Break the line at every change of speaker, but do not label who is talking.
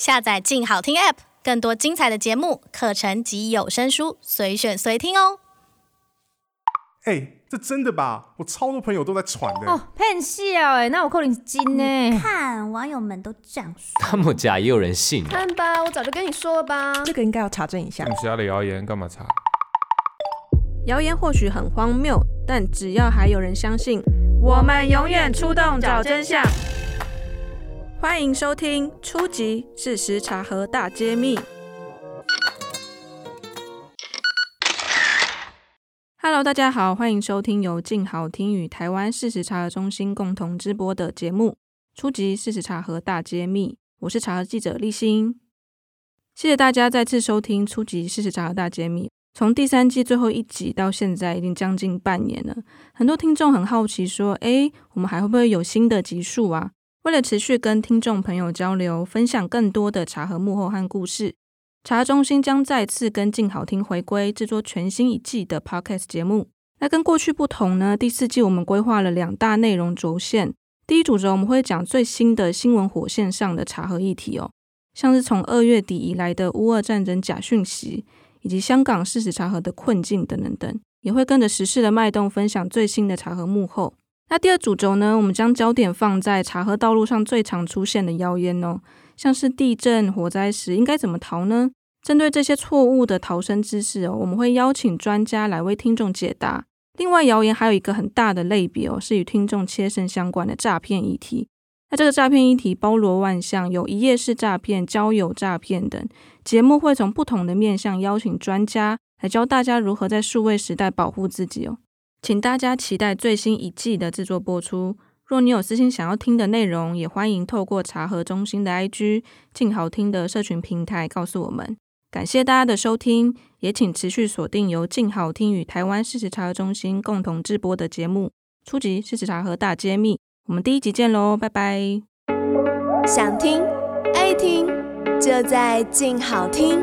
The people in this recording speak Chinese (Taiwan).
下載鏡好聽 App，更多精彩的節目、課程及有聲書，隨選隨聽哦。哎、欸，這真的吧？我超多朋友都在傳的哦。騙笑哎，那我扣你金呢？看網友們都這樣說，那麼假也有人信？看吧，我早就跟你說了吧。這個應該要查證一下。其他的謠言幹嘛查？謠言或許很荒謬，但只要還有人相信，我們永遠出動找真相。歡迎收聽《出擊！事實查核大揭密》。Hello，大家好，歡迎收聽由勁好聽與台灣事實查核中心共同直播的節目《出擊！事實查核大揭密》。我是查核記者立新，謝謝大家再次收聽《出擊！事實查核大揭密》。從第三季最後一集到現在，已經將近半年了，很多聽眾很好奇說：“哎，我們還會不會有新的集數啊？”為了持續跟聽眾朋友交流，分享更多的查核幕後和故事，查核中心將再次跟鏡好聽回歸，製作全新一季的 Podcast 節目。那跟過去不同呢？第四季我們規劃了兩大內容軸線。第一主軸我們會講最新的新聞火線上的查核議題哦，像是從二月底以來的烏俄戰爭假訊息，以及香港事實查核的困境等等等，也會跟着時事的脈動，分享最新的查核幕後。那第二主軸呢？我們將焦點放在查核道路上最常出現的謠言哦，像是地震、火災時應該怎麼逃呢？針對這些錯誤的逃生知識哦，我們會邀請專家來為聽眾解答。另外，謠言還有一個很大的類別哦，是與聽眾切身相關的詐騙議題。那這個詐騙議題包羅萬象，有一頁式詐騙、交友詐騙等。節目會從不同的面向邀請專家來教大家如何在數位時代保護自己哦。請大家期待最新一季的製作播出。若你有私心想要聽的內容，也歡迎透過查核中心的 IG“ 靜好聽”的社群平台告訴我們。感謝大家的收聽，也請持續鎖定由“靜好聽”與台灣事實查核中心共同制播的節目《出擊！事實查核大揭密》。我們第一集見嘍，拜拜！想聽愛聽，就在“靜好聽”。